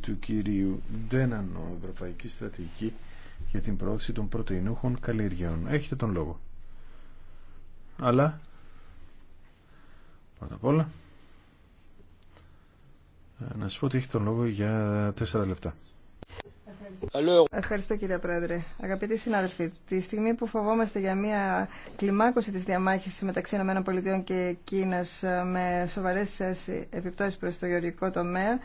του κυρίου Ντένανο, Ευρωπαϊκή Στρατηγική για την πρόθεση των πρωτεϊνούχων καλλιεργειών. Έχετε τον λόγο. Αλλά, πρώτα απ' όλα, ε, να σας πω ότι έχει τον λόγο για τέσσερα λεπτά. Ευχαριστώ κύριε Πρόεδρε. Αγαπητοί συνάδελφοι, τη στιγμή που φοβόμαστε για μια κλιμάκωση της διαμάχης μεταξύ ΗΠΑ και Κίνας ε, με σοβαρές ε, επιπτώσεις προς το γεωργικό τομέα,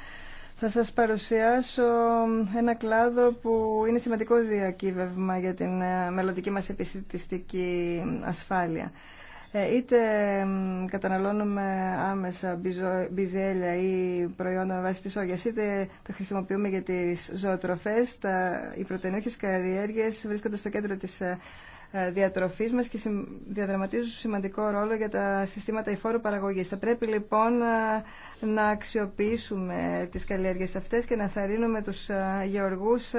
θα σας παρουσιάσω ένα κλάδο που είναι σημαντικό διακύβευμα για την ε, μελλοντική μας επιστημιστική ασφάλεια. Ε, είτε καταναλώνουμε άμεσα μπιζέλια ή προϊόντα με βάση τη είτε τα χρησιμοποιούμε για τις ζωοτροφές, τα, οι πρωτενούχες καριέργειες βρίσκονται στο κέντρο της ε, ε, διατροφής μας και διαδραματίζουν σημαντικό ρόλο για τα συστήματα υφόρου παραγωγής. Θα πρέπει λοιπόν ε, να αξιοποιήσουμε τις καλλιέργειε αυτές και να θαρρύνουμε τους ε, γεωργούς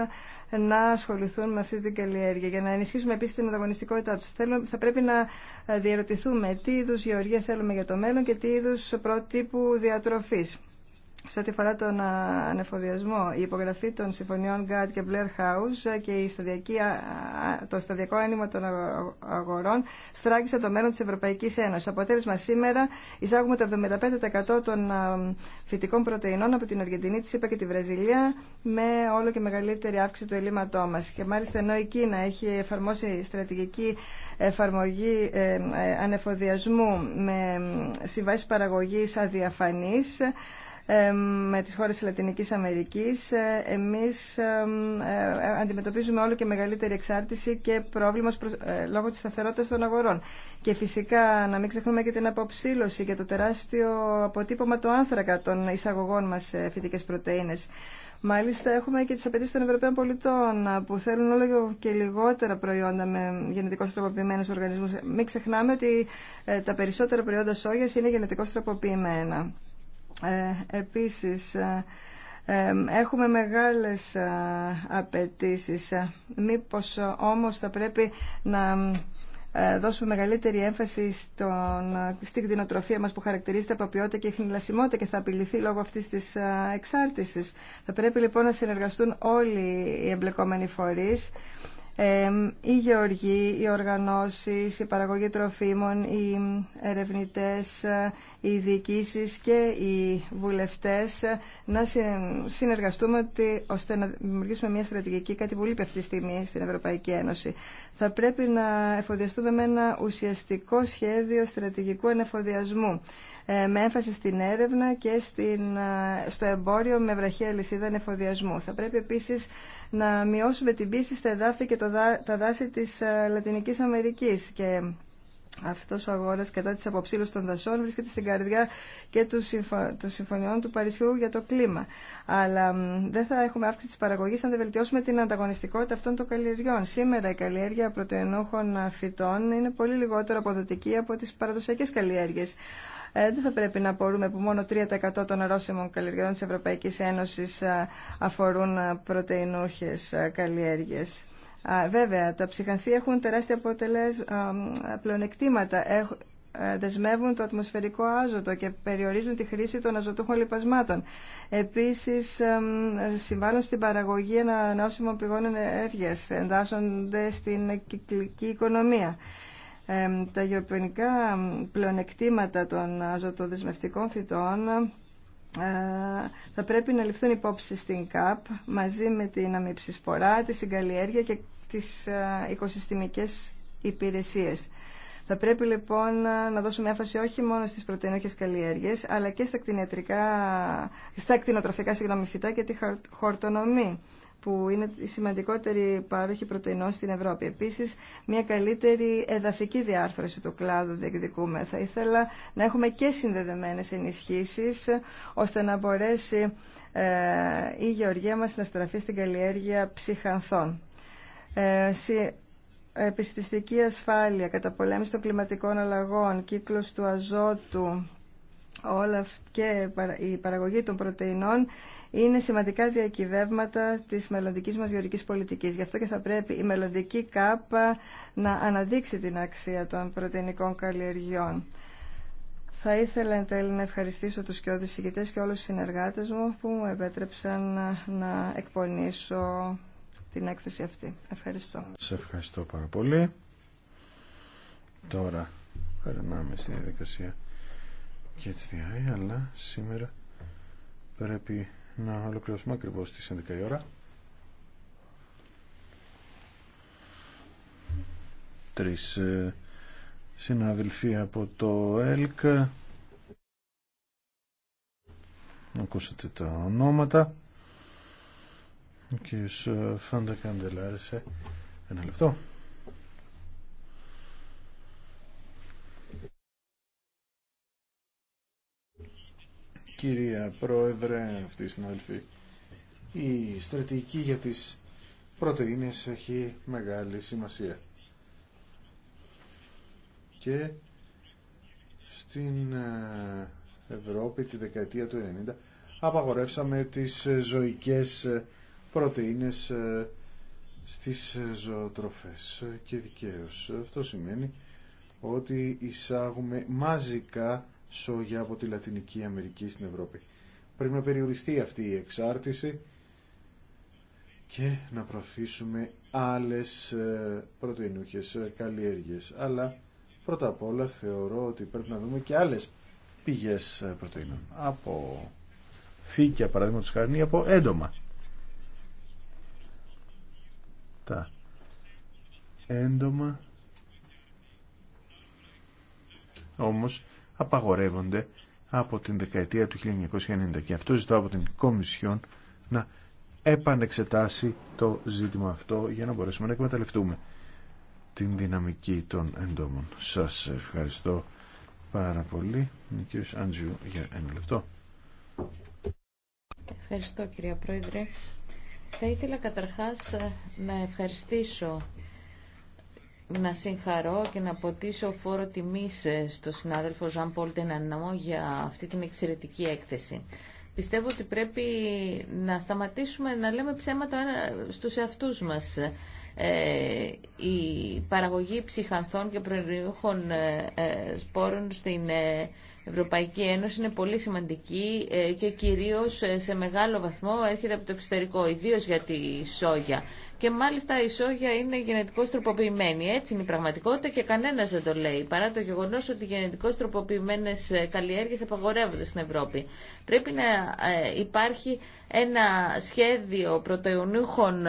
να ασχοληθούν με αυτή την καλλιέργεια για να ενισχύσουμε επίση την ανταγωνιστικότητά του. θα πρέπει να διαρωτηθούμε τι είδου γεωργία θέλουμε για το μέλλον και τι είδου πρότυπου διατροφή σε ό,τι αφορά τον ανεφοδιασμό, η υπογραφή των συμφωνιών GATT και Blair House ε, και η σταδιακή, το σταδιακό άνοιγμα των αγορών σφράγγισε το μέλλον της Ευρωπαϊκής Ένωσης. Αποτέλεσμα σήμερα εισάγουμε το 75% των φυτικών πρωτεϊνών από την Αργεντινή, τη ΣΥΠΑ και τη Βραζιλία με όλο και μεγαλύτερη αύξηση του ελλείμματό μας. Και μάλιστα ενώ η Κίνα έχει εφαρμόσει στρατηγική εφαρμογή ε, ε, ανεφοδιασμού με συμβάσεις παραγωγή αδιαφανής, ε, με τις χώρες της Λατινικής Αμερικής ε, εμείς ε, αντιμετωπίζουμε όλο και μεγαλύτερη εξάρτηση και πρόβλημα λόγω της σταθερότητας των αγορών. Και φυσικά να μην ξεχνούμε και την αποψήλωση και το τεράστιο αποτύπωμα του άνθρακα των εισαγωγών μας σε φυτικές πρωτεΐνες. Μάλιστα έχουμε και τις απαιτήσει των Ευρωπαίων πολιτών που θέλουν όλο και λιγότερα προϊόντα με γενετικώς τροποποιημένους οργανισμούς. Μην ξεχνάμε ότι τα περισσότερα προϊόντα σόγιας είναι γενετικώς τροποποιημένα. Ε, επίσης, ε, ε, έχουμε μεγάλες απαιτήσεις. Μήπως όμως θα πρέπει να δώσουμε μεγαλύτερη έμφαση στον, στην κτηνοτροφία μας που χαρακτηρίζεται από ποιότητα και χνηλασιμότητα και θα απειληθεί λόγω αυτής της εξάρτησης. Θα πρέπει λοιπόν να συνεργαστούν όλοι οι εμπλεκόμενοι φορείς οι γεωργοί, οι οργανώσεις, η παραγωγή τροφίμων, οι ερευνητές, οι διοικήσει και οι βουλευτές να συνεργαστούμε ώστε να δημιουργήσουμε μια στρατηγική κάτι πολύ αυτή τη στιγμή στην Ευρωπαϊκή Ένωση. Θα πρέπει να εφοδιαστούμε με ένα ουσιαστικό σχέδιο στρατηγικού ενεφοδιασμού ε, με έμφαση στην έρευνα και στην, ε, στο εμπόριο με βραχία λυσίδα ενεφοδιασμού. Θα πρέπει επίσης να μειώσουμε την πίεση εδάφη και τα δάση της ε, Λατινικής Αμερικής και αυτός ο αγώνας κατά της αποψήλωσης των δασών βρίσκεται στην καρδιά και του των συμφωνιών του Παρισιού για το κλίμα. Αλλά δεν θα έχουμε αύξηση της παραγωγής αν δεν βελτιώσουμε την ανταγωνιστικότητα αυτών των καλλιεργιών. Σήμερα η καλλιέργεια πρωτεϊνούχων φυτών είναι πολύ λιγότερο αποδοτική από τις παραδοσιακές καλλιέργειες. Ε, δεν θα πρέπει να μπορούμε που μόνο 3% των αρρώσιμων καλλιεργειών της Ευρωπαϊκής Ένωσης ε, αφορούν πρωτεϊνούχες καλλιέργειες. Βέβαια, τα ψυχανθή έχουν τεράστια αποτελέσματα πλεονεκτήματα. Ε, δεσμεύουν το ατμοσφαιρικό άζωτο και περιορίζουν τη χρήση των αζωτούχων λιπασμάτων. Επίσης, ε, συμβάλλουν στην παραγωγή ανανεώσιμων πηγών ενέργειας, εντάσσονται στην κυκλική οικονομία. Ε, τα γεωπονικά πλεονεκτήματα των αζωτοδεσμευτικών φυτών θα πρέπει να ληφθούν υπόψη στην ΚΑΠ μαζί με την σπορά, τη συγκαλλιέργεια και τις οικοσυστημικές υπηρεσίες. Θα πρέπει λοιπόν να δώσουμε έμφαση όχι μόνο στις πρωτεϊνόχες καλλιέργειες, αλλά και στα, κτηνιατρικά, στα κτηνοτροφικά συγγνώμη, φυτά και τη χορτονομή που είναι η σημαντικότερη πάροχη πρωτεϊνών στην Ευρώπη. Επίση, μια καλύτερη εδαφική διάρθρωση του κλάδου διεκδικούμε. Θα ήθελα να έχουμε και συνδεδεμένε ενισχύσει, ώστε να μπορέσει ε, η γεωργία μα να στραφεί στην καλλιέργεια ψυχανθών. Ε, επιστηστική ασφάλεια, καταπολέμηση των κλιματικών αλλαγών, κύκλος του αζότου, όλα και η παραγωγή των πρωτεϊνών είναι σημαντικά διακυβεύματα της μελλοντικής μας γεωρικής πολιτικής. Γι' αυτό και θα πρέπει η μελλοντική ΚΑΠΑ να αναδείξει την αξία των πρωτεϊνικών καλλιεργειών. Θα ήθελα εν τέλει να ευχαριστήσω τους και οδησηγητές και όλους τους συνεργάτες μου που μου επέτρεψαν να εκπονήσω την έκθεση αυτή. Ευχαριστώ. Σε ευχαριστώ πάρα πολύ. Τώρα περνάμε στην διαδικασία και έτσι αλλά σήμερα πρέπει να ολοκληρώσουμε ακριβώς στις 11 η ώρα. Τρεις ε, συναδελφοί από το ΕΛΚ. Ακούσατε τα ονόματα. Ο κύριος ε, Φάντα Ένα λεπτό. Κυρία Πρόεδρε, αυτοί οι συνάδελφοι, η στρατηγική για τις πρωτεΐνες έχει μεγάλη σημασία. Και στην ε, Ευρώπη τη δεκαετία του 90 απαγορεύσαμε τις ε, ζωικές πρωτεΐνες στις ε, ζωοτροφές ε, και δικαίως. Αυτό σημαίνει ότι εισάγουμε μαζικά σόγια από τη Λατινική Αμερική στην Ευρώπη. Πρέπει να περιοριστεί αυτή η εξάρτηση και να προωθήσουμε άλλες ε, πρωτεϊνούχες καλλιέργειες. Αλλά πρώτα απ' όλα θεωρώ ότι πρέπει να δούμε και άλλες πηγές πρωτεϊνών. Από φύκια παραδείγματος χάρη από έντομα. αυτά έντομα όμως απαγορεύονται από την δεκαετία του 1990 και αυτό ζητάω από την Κομισιόν να επανεξετάσει το ζήτημα αυτό για να μπορέσουμε να εκμεταλλευτούμε την δυναμική των εντόμων. Σας ευχαριστώ πάρα πολύ. Άντζιου για ένα Ευχαριστώ κυρία Πρόεδρε. Θα ήθελα καταρχάς ε, να ευχαριστήσω να συγχαρώ και να ποτίσω φόρο τιμής ε, στο συνάδελφο Ζαν Πολ για αυτή την εξαιρετική έκθεση. Πιστεύω ότι πρέπει να σταματήσουμε να λέμε ψέματα ε, στους εαυτούς μας. η παραγωγή ψυχανθών και προϊόντων σπόρων στην Ευρωπαϊκή Ένωση είναι πολύ σημαντική ε, και κυρίως ε, σε μεγάλο βαθμό έρχεται από το εξωτερικό, ιδίως για τη σόγια και μάλιστα η σόγια είναι γενετικώς τροποποιημένη. Έτσι είναι η πραγματικότητα και κανένας δεν το λέει, παρά το γεγονός ότι οι γενετικώς τροποποιημένες ε, καλλιέργειες απαγορεύονται στην Ευρώπη. Πρέπει να ε, υπάρχει ένα σχέδιο πρωτεουνούχων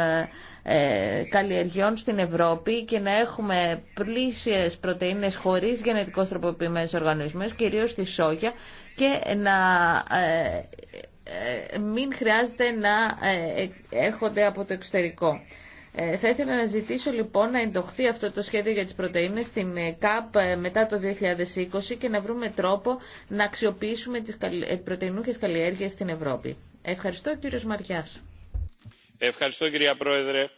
ε, καλλιεργειών στην Ευρώπη και να έχουμε πλήσιε πρωτενε χωρί γενετικώ τροποποιημένε οργανισμού, κυρίω στη σόγια, και να ε, μην χρειάζεται να ε, ε, έρχονται από το εξωτερικό. Θα ήθελα να ζητήσω λοιπόν να εντοχθεί αυτό το σχέδιο για τις πρωτεΐνες στην ΚΑΠ μετά το 2020 και να βρούμε τρόπο να αξιοποιήσουμε τις πρωτεϊνούχες καλλιέργειες στην Ευρώπη. Ευχαριστώ κύριος Μαριάς. Ευχαριστώ κυρία Πρόεδρε.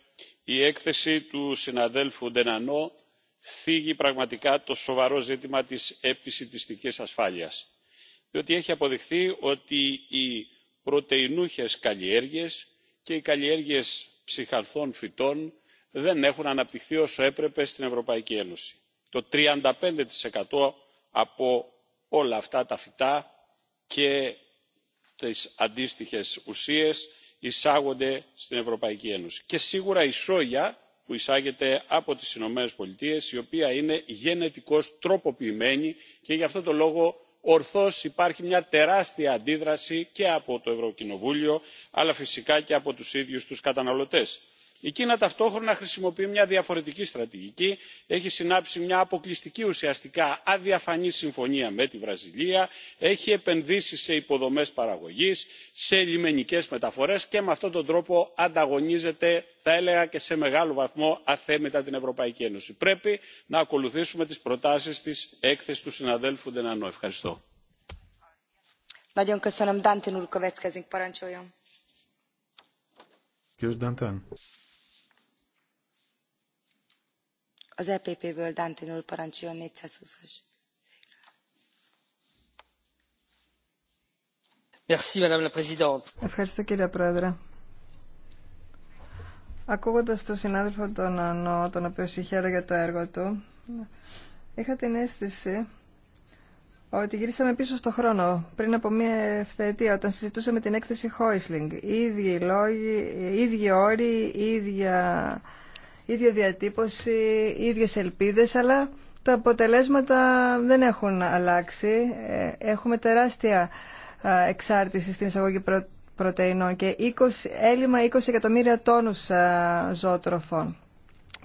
Η έκθεση του συναδέλφου Ντενανό θίγει πραγματικά το σοβαρό ζήτημα της επισητιστικής ασφάλειας διότι έχει αποδειχθεί ότι οι πρωτεϊνούχες καλλιέργειες και οι καλλιέργειες ψυχαρθών φυτών δεν έχουν αναπτυχθεί όσο έπρεπε στην ευρωπαϊκή ένωση. το 35% από όλα αυτά τα φυτά και τις αντίστοιχες ουσίες εισάγονται στην ευρωπαϊκή ένωση και σίγουρα η σόγια που εισάγεται από τις ηνωμένες η οποία είναι γενετικώς τροποποιημένη και γι' αυτό το λόγο ορθώς υπάρχει μια τεράστια αντίδραση και από το ευρωκοινοβούλιο αλλά φυσικά και από τους ίδιους τους καταναλωτές η κίνα ταυτόχρονα χρησιμοποιεί μια διαφορετική στρατηγική έχει συνάψει μια αποκλειστική ουσιαστικά αδιαφανή συμφωνία με τη βραζιλία έχει επενδύσει σε υποδομές παραγωγής σε λιμενικές μεταφορές και με αυτόν τον τρόπο ανταγωνίζεται θα έλεγα και σε μεγάλο βαθμό αθέμητα την ευρωπαϊκή ένωση. πρέπει να ακολουθήσουμε τις προτάσεις της έκθεσης του συναδέλφου denanot. ευχαριστώ. E Ευχαριστώ κύριε Πρόεδρε. Ακούγοντας τον συνάδελφο τον Ανώ, τον οποίο συγχαίρω για το έργο του, είχα την αίσθηση ότι γυρίσαμε πίσω στο χρόνο, πριν από μία ευθετία, όταν συζητούσαμε την έκθεση Χόισλινγκ. Οι ίδιοι λόγοι, οι ίδιοι όροι, η ίδια ίδια διατύπωση, ίδιες ελπίδες, αλλά τα αποτελέσματα δεν έχουν αλλάξει. Ε, έχουμε τεράστια εξάρτηση στην εισαγωγή πρωτεϊνών και 20, έλλειμμα 20 εκατομμύρια τόνους ζωοτροφών.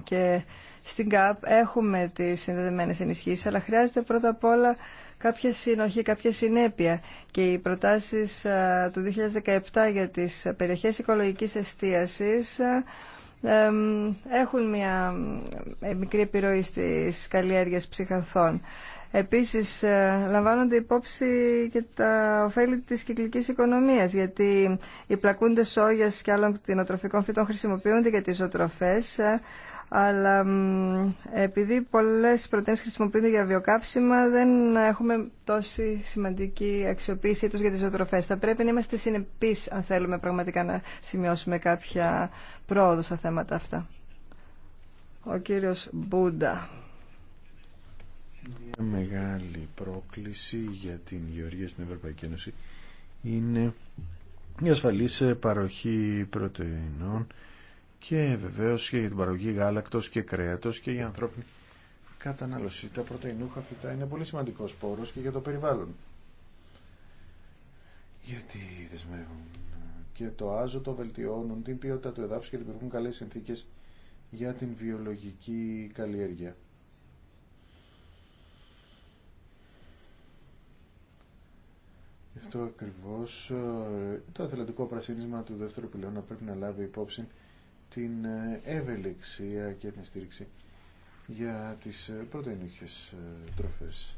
Και στην ΚΑΠ έχουμε τις συνδεδεμένες ενισχύσεις, αλλά χρειάζεται πρώτα απ' όλα κάποια συνοχή, κάποια συνέπεια. Και οι προτάσεις του 2017 για τις περιοχές οικολογικής εστίασης έχουν μια μικρή επιρροή στις καλλιέργειες ψυχανθών. Επίσης, ε, λαμβάνονται υπόψη και τα ωφέλη της κυκλικής οικονομίας, γιατί οι πλακούντες σόγιας και άλλων κτηνοτροφικών φυτών χρησιμοποιούνται για τις ζωοτροφές, ε, αλλά επειδή πολλές πρωτεΐνες χρησιμοποιούνται για βιοκαύσιμα δεν έχουμε τόση σημαντική αξιοποίησή τους για τις ζωοτροφές. Θα πρέπει να είμαστε συνεπείς αν θέλουμε πραγματικά να σημειώσουμε κάποια πρόοδο στα θέματα αυτά. Ο κύριος Μπούντα. Μια μεγάλη πρόκληση για την γεωργία στην Ευρωπαϊκή Ένωση είναι η ασφαλής παροχή πρωτεϊνών και βεβαίως και για την παραγωγή γάλακτος και κρέατος και για ανθρώπινη κατανάλωση. Τα πρωτεϊνούχα φυτά είναι πολύ σημαντικός πόρος και για το περιβάλλον. Γιατί δεσμεύουν και το άζωτο βελτιώνουν την ποιότητα του εδάφους και δημιουργούν καλές συνθήκες για την βιολογική καλλιέργεια. Γι' αυτό ακριβώς ε, το εθελοντικό πρασίνισμα του δεύτερου πυλώνα πρέπει να λάβει υπόψη την ε, ευελιξία και την στήριξη για τις ε, πρωτεϊνούχες ε, τροφές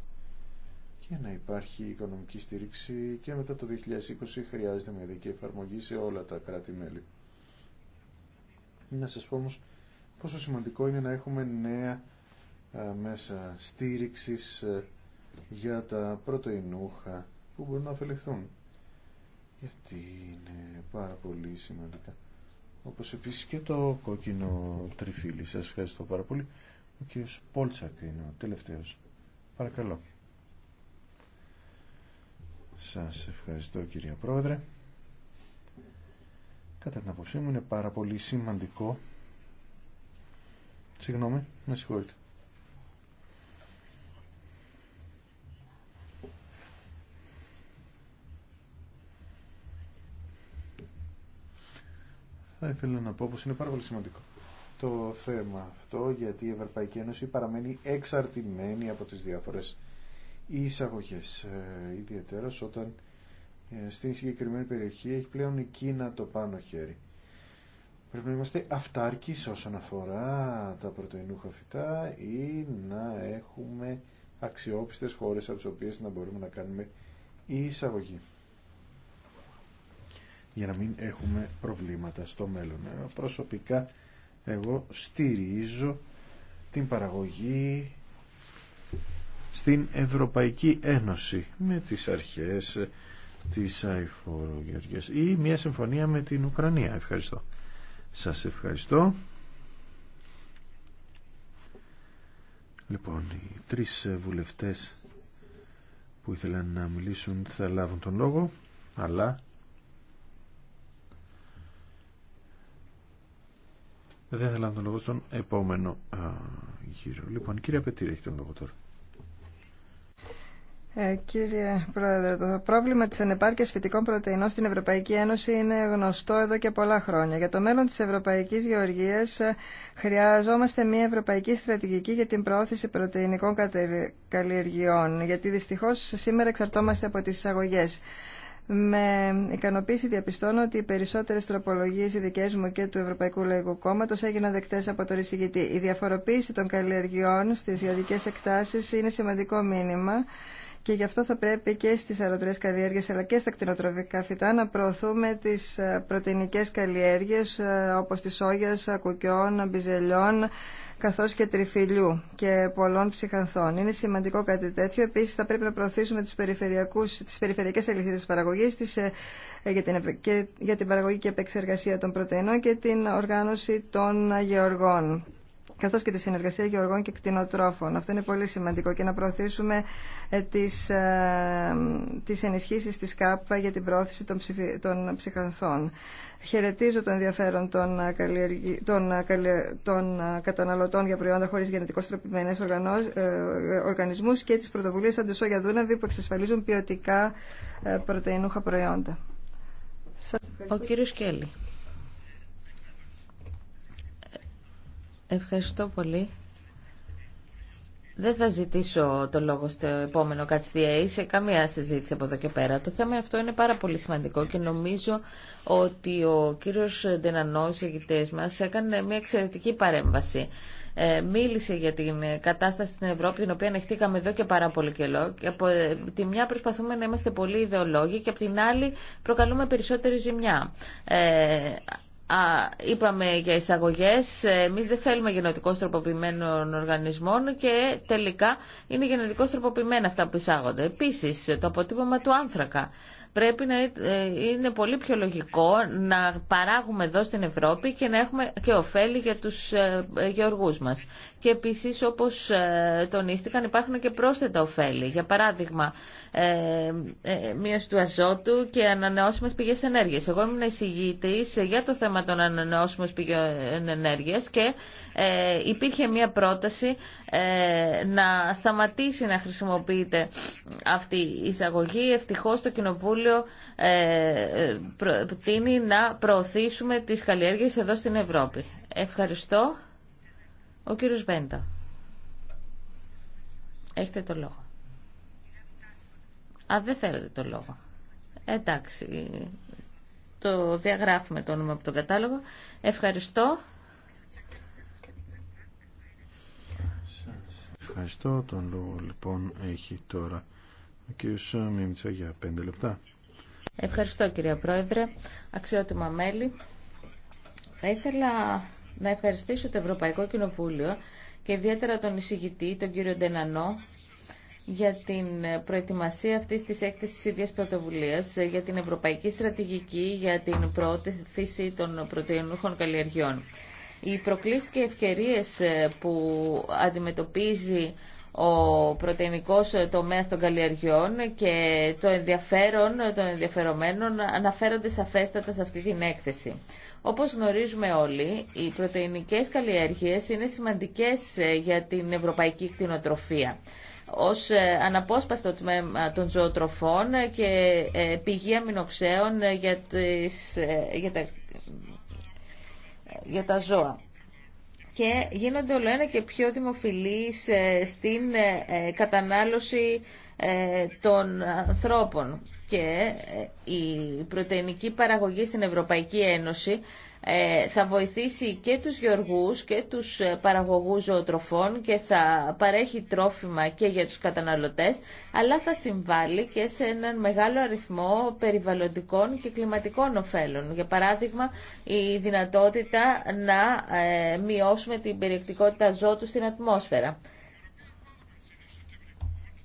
και να υπάρχει οικονομική στήριξη και μετά το 2020 χρειάζεται μια δική εφαρμογή σε όλα τα κράτη-μέλη. Να σας πω όμως πόσο σημαντικό είναι να έχουμε νέα μέσα στήριξης για τα πρωτεϊνούχα που μπορούν να αφαιρεθούν γιατί είναι πάρα πολύ σημαντικά όπως επίσης και το κόκκινο τριφύλι. Σας ευχαριστώ πάρα πολύ. Ο κ. Πόλτσακ είναι ο τελευταίος. Παρακαλώ. Σας ευχαριστώ κυρία Πρόεδρε. Κατά την απόψή μου είναι πάρα πολύ σημαντικό. Συγγνώμη, με συγχωρείτε. Θα ήθελα να πω πως είναι πάρα πολύ σημαντικό το θέμα αυτό γιατί η Ευρωπαϊκή Ένωση παραμένει εξαρτημένη από τις διάφορες εισαγωγές. Ε, ιδιαίτερος όταν ε, στην συγκεκριμένη περιοχή έχει πλέον η Κίνα το πάνω χέρι. Πρέπει να είμαστε αυτάρκεις όσον αφορά τα πρωτεϊνούχα φυτά ή να έχουμε αξιόπιστες χώρες από τις οποίες να μπορούμε να κάνουμε εισαγωγή για να μην έχουμε προβλήματα στο μέλλον. Ε, προσωπικά εγώ στηρίζω την παραγωγή στην Ευρωπαϊκή Ένωση με τις αρχές της Αϊφόρου ή μια συμφωνία με την Ουκρανία. Ευχαριστώ. Σας ευχαριστώ. Λοιπόν, οι τρεις βουλευτές που ήθελαν να μιλήσουν θα λάβουν τον λόγο, αλλά Δεν θα να τον λόγο στον επόμενο γύρο. Λοιπόν, κύριε Πετήρη, έχει τον λόγο τώρα. Ε, κύριε Πρόεδρε, το πρόβλημα της ανεπάρκειας φυτικών πρωτεϊνών στην Ευρωπαϊκή Ένωση είναι γνωστό εδώ και πολλά χρόνια. Για το μέλλον της Ευρωπαϊκής Γεωργίας ε, χρειαζόμαστε μια ευρωπαϊκή στρατηγική για την προώθηση πρωτεϊνικών καλλιεργειών, γιατί δυστυχώς σήμερα εξαρτώμαστε από τις εισαγωγές. Με ικανοποίηση διαπιστώνω ότι οι περισσότερες τροπολογίες οι δικέ μου και του Ευρωπαϊκού Λαϊκού Κόμματο έγιναν δεκτέ από τον εισηγητή. Η διαφοροποίηση των καλλιεργειών στις γεωργικέ εκτάσεις είναι σημαντικό μήνυμα και γι' αυτό θα πρέπει και στις αεροτρές καλλιέργειες αλλά και στα κτηνοτροφικά φυτά να προωθούμε τις ε, πρωτεϊνικές καλλιέργειες ε, όπως τις όγιας, κουκιών, μπιζελιών καθώς και τριφυλιού και πολλών ψυχανθών. Είναι σημαντικό κάτι τέτοιο. Επίσης θα πρέπει να προωθήσουμε τις, περιφερειακούς, τις περιφερειακές αλυσίδες παραγωγής τις, ε, για, την, και, για την παραγωγή και επεξεργασία των πρωτεϊνών και την οργάνωση των γεωργών καθώς και τη συνεργασία γεωργών και κτηνοτρόφων. Αυτό είναι πολύ σημαντικό και να προωθήσουμε ε, τι ε, τις ενισχύσεις της ΚΑΠΑ για την προώθηση των, ψηφι, Χαιρετίζω τον ενδιαφέρον των, ε, των, καταναλωτών για προϊόντα χωρίς γενετικώς τροπημένες οργανισμούς και τις πρωτοβουλίες αντισόγια δούναβη που εξασφαλίζουν ποιοτικά πρωτεϊνούχα προϊόντα. Ο Ευχαριστώ πολύ. Δεν θα ζητήσω το λόγο στο επόμενο ΚΑΤΣΤΙΑΗ σε καμία συζήτηση από εδώ και πέρα. Το θέμα αυτό είναι πάρα πολύ σημαντικό και νομίζω ότι ο κύριος Ντενανό, οι μας, έκανε μια εξαιρετική παρέμβαση. Ε, μίλησε για την κατάσταση στην Ευρώπη, την οποία ανεχτήκαμε εδώ και πάρα πολύ καιρό. Και από ε, τη μια προσπαθούμε να είμαστε πολύ ιδεολόγοι και από την άλλη προκαλούμε περισσότερη ζημιά. Ε, είπαμε για εισαγωγές, εμείς δεν θέλουμε γενετικώς τροποποιημένων οργανισμών και τελικά είναι γενετικώς τροποποιημένα αυτά που εισάγονται. Επίσης, το αποτύπωμα του άνθρακα πρέπει να ε, είναι πολύ πιο λογικό να παράγουμε εδώ στην Ευρώπη και να έχουμε και ωφέλη για τους ε, γεωργούς μας. Και επίσης όπως ε, τονίστηκαν υπάρχουν και πρόσθετα ωφέλη. Για παράδειγμα, μείωση του αζότου και ανανεώσιμες πηγές ενέργειας. Εγώ ήμουν εισηγήτης για το θέμα των ανανεώσιμων πηγών ενέργειας και υπήρχε μια πρόταση να σταματήσει να χρησιμοποιείται αυτή η εισαγωγή. Ευτυχώς το Κοινοβούλιο ε, ε, προτείνει να προωθήσουμε τις καλλιέργειες εδώ στην Ευρώπη. Ευχαριστώ. Ο κύριος Βέντα. Έχετε το λόγο. Α, δεν θέλετε το λόγο. Εντάξει, το διαγράφουμε το όνομα από τον κατάλογο. Ευχαριστώ. Ευχαριστώ. Τον λόγο λοιπόν έχει τώρα για λεπτά. Ευχαριστώ κύριε Πρόεδρε. Αξιότιμα μέλη. Θα ήθελα να ευχαριστήσω το Ευρωπαϊκό Κοινοβούλιο και ιδιαίτερα τον εισηγητή, τον κύριο Ντενανό, για την προετοιμασία αυτή τη έκθεση ίδια πρωτοβουλία για την Ευρωπαϊκή Στρατηγική για την Προώθηση των Πρωτεϊνούχων καλλιεργειών. Οι προκλήσεις και ευκαιρίε ε, που αντιμετωπίζει ο πρωτεϊνικός ε, τομέας των καλλιεργιών και το ενδιαφέρον ε, των ενδιαφερομένων αναφέρονται σαφέστατα σε αυτή την έκθεση. Όπως γνωρίζουμε όλοι, οι πρωτεϊνικές καλλιέργειες είναι σημαντικές ε, για την ευρωπαϊκή κτηνοτροφία ως αναπόσπαστο τμήμα των ζωοτροφών και πηγή αμινοξέων για, τις, για, τα, για τα ζώα και γίνονται όλο ένα και πιο δημοφιλείς ε, στην ε, ε, κατανάλωση των ανθρώπων. Και η πρωτεϊνική παραγωγή στην Ευρωπαϊκή Ένωση ε, θα βοηθήσει και τους γεωργούς και τους ε, παραγωγούς ζωοτροφών και θα παρέχει τρόφιμα και για τους καταναλωτές, αλλά θα συμβάλλει και σε έναν μεγάλο αριθμό περιβαλλοντικών και κλιματικών ωφέλων. Για παράδειγμα, η δυνατότητα να ε, μειώσουμε την περιεκτικότητα ζώτου στην ατμόσφαιρα.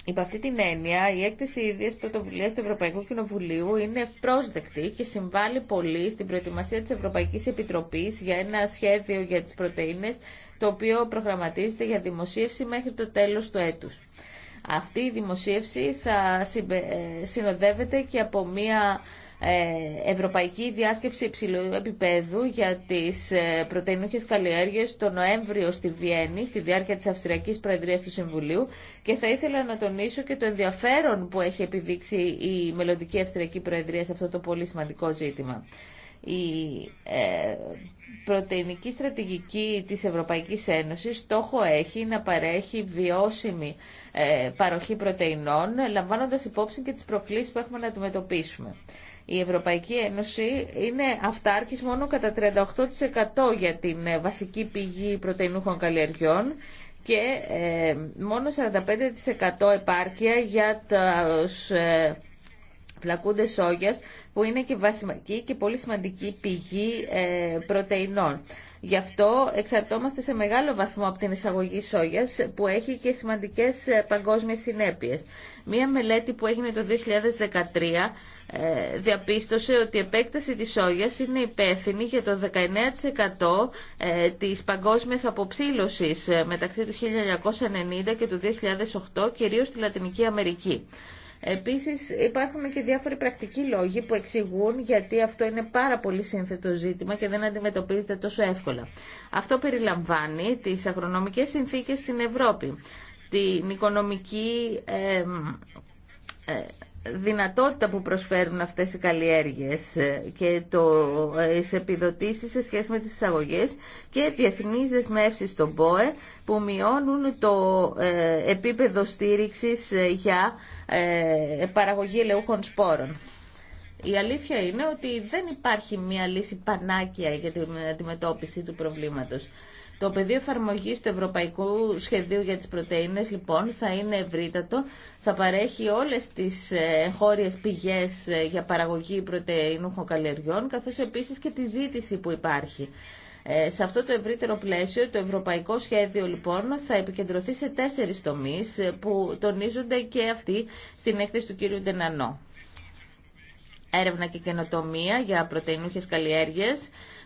Υπό αυτή την έννοια, η έκθεση ίδια πρωτοβουλία του Ευρωπαϊκού Κοινοβουλίου είναι ευπρόσδεκτη και συμβάλλει πολύ στην προετοιμασία τη Ευρωπαϊκή Επιτροπή για ένα σχέδιο για τι πρωτενε, το οποίο προγραμματίζεται για δημοσίευση μέχρι το τέλο του έτου. Αυτή η δημοσίευση θα ε, συνοδεύεται και από μία ε, ευρωπαϊκή Διάσκεψη Υψηλού Επιπέδου για τις ε, πρωτεϊνούχες καλλιέργειες το Νοέμβριο στη Βιέννη, στη διάρκεια της Αυστριακής Προεδρίας του Συμβουλίου και θα ήθελα να τονίσω και το ενδιαφέρον που έχει επιδείξει η μελλοντική Αυστριακή Προεδρία σε αυτό το πολύ σημαντικό ζήτημα. Η ε, πρωτεϊνική στρατηγική της Ευρωπαϊκής Ένωσης στόχο έχει να παρέχει βιώσιμη παροχή πρωτεϊνών, λαμβάνοντας υπόψη και τις προκλήσεις που έχουμε να αντιμετωπίσουμε. Η Ευρωπαϊκή Ένωση είναι αυτάρκης μόνο κατά 38% για την ε, βασική πηγή πρωτεϊνούχων καλλιεργιών και ε, μόνο 45% επάρκεια για τους ε, φλακούντες σόγιας που είναι και βασική και πολύ σημαντική πηγή πρωτεϊνών. Γι' αυτό εξαρτώμαστε σε μεγάλο βαθμό από την εισαγωγή σόγιας που έχει και σημαντικές ε, παγκόσμιες συνέπειες. Μία μελέτη που έγινε το 2013 ε, διαπίστωσε ότι η επέκταση της σόγιας είναι υπεύθυνη για το 19% ε, της παγκόσμιας αποψήλωσης μεταξύ του 1990 και του 2008 κυρίως στη Λατινική Αμερική. Επίσης υπάρχουν και διάφοροι πρακτικοί λόγοι που εξηγούν γιατί αυτό είναι πάρα πολύ σύνθετο ζήτημα και δεν αντιμετωπίζεται τόσο εύκολα. Αυτό περιλαμβάνει τις αγρονομικές συνθήκες στην Ευρώπη, την οικονομική ε, δυνατότητα που προσφέρουν αυτές οι καλλιέργειες ε, και το, ε, τις επιδοτήσεις σε σχέση με τις εισαγωγές και διεθνείς δεσμεύσει στον ΠΟΕ που μειώνουν το ε, επίπεδο στήριξης για ε, παραγωγή ελαιούχων σπόρων. Η αλήθεια είναι ότι δεν υπάρχει μια λύση πανάκια για την αντιμετώπιση του προβλήματος. Το πεδίο εφαρμογή του Ευρωπαϊκού Σχεδίου για τις Πρωτεΐνες λοιπόν θα είναι ευρύτατο, θα παρέχει όλες τις ε, χώριες πηγές ε, για παραγωγή πρωτεϊνούχων καλλιεργιών, καθώς επίσης και τη ζήτηση που υπάρχει. Ε, σε αυτό το ευρύτερο πλαίσιο, το ευρωπαϊκό σχέδιο λοιπόν θα επικεντρωθεί σε τέσσερις τομείς ε, που τονίζονται και αυτοί στην έκθεση του κύριου Ντενανό. Έρευνα και καινοτομία για πρωτεϊνούχες καλλιέργειες,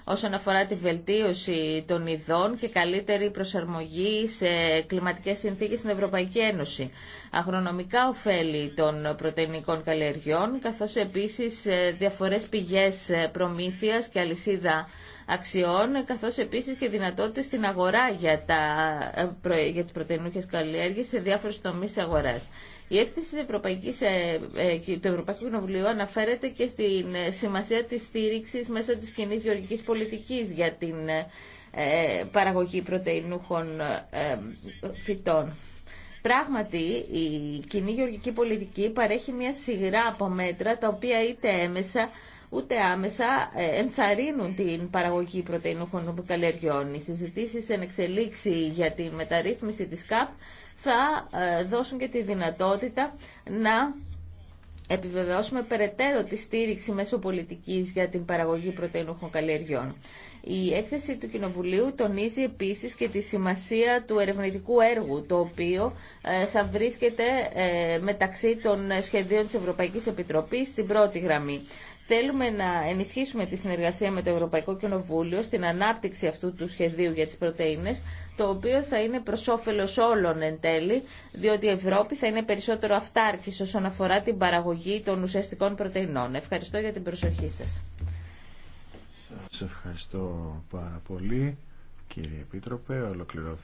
όσον αφορά τη βελτίωση των ειδών και καλύτερη προσαρμογή σε κλιματικές συνθήκες στην Ευρωπαϊκή Ένωση. Αγρονομικά ωφέλη των πρωτεϊνικών καλλιεργιών, καθώς επίσης ε, διαφορές πηγές προμήθειας και αλυσίδα αξιών, καθώς επίσης και δυνατότητες στην αγορά για, τα, ε, για τις πρωτεϊνούχες καλλιέργειες σε διάφορες τομείς αγοράς. Η έκθεση της Ευρωπαϊκής, ε, ε, του Ευρωπαϊκού Κοινοβουλίου αναφέρεται και στην σημασία της στήριξης μέσω της κοινή γεωργικής πολιτικής για την παραγωγή πρωτεϊνούχων φυτών. Πράγματι, η κοινή γεωργική πολιτική παρέχει μια σειρά από μέτρα τα οποία είτε έμεσα ούτε άμεσα ε, ενθαρρύνουν την παραγωγή πρωτεϊνούχων καλλιεργιών. Οι συζητήσει εν εξελίξη για τη μεταρρύθμιση της ΚΑΠ θα ε, δώσουν και τη δυνατότητα να επιβεβαιώσουμε περαιτέρω τη στήριξη μέσω πολιτικής για την παραγωγή πρωτεϊνούχων καλλιεργιών. Η έκθεση του Κοινοβουλίου τονίζει επίσης και τη σημασία του ερευνητικού έργου, το οποίο ε, θα βρίσκεται μεταξύ των σχεδίων της Ευρωπαϊκής Επιτροπής στην πρώτη γραμμή. Θέλουμε να ενισχύσουμε τη συνεργασία με το Ευρωπαϊκό Κοινοβούλιο στην ανάπτυξη αυτού του σχεδίου για τις πρωτεΐνες, το οποίο θα είναι προ όφελο όλων εν τέλει, διότι η Ευρώπη θα είναι περισσότερο αυτάρκης όσον αφορά την παραγωγή των ουσιαστικών πρωτεϊνών. Ευχαριστώ για την προσοχή σας. Σας ευχαριστώ πάρα πολύ κύριε Επίτροπε.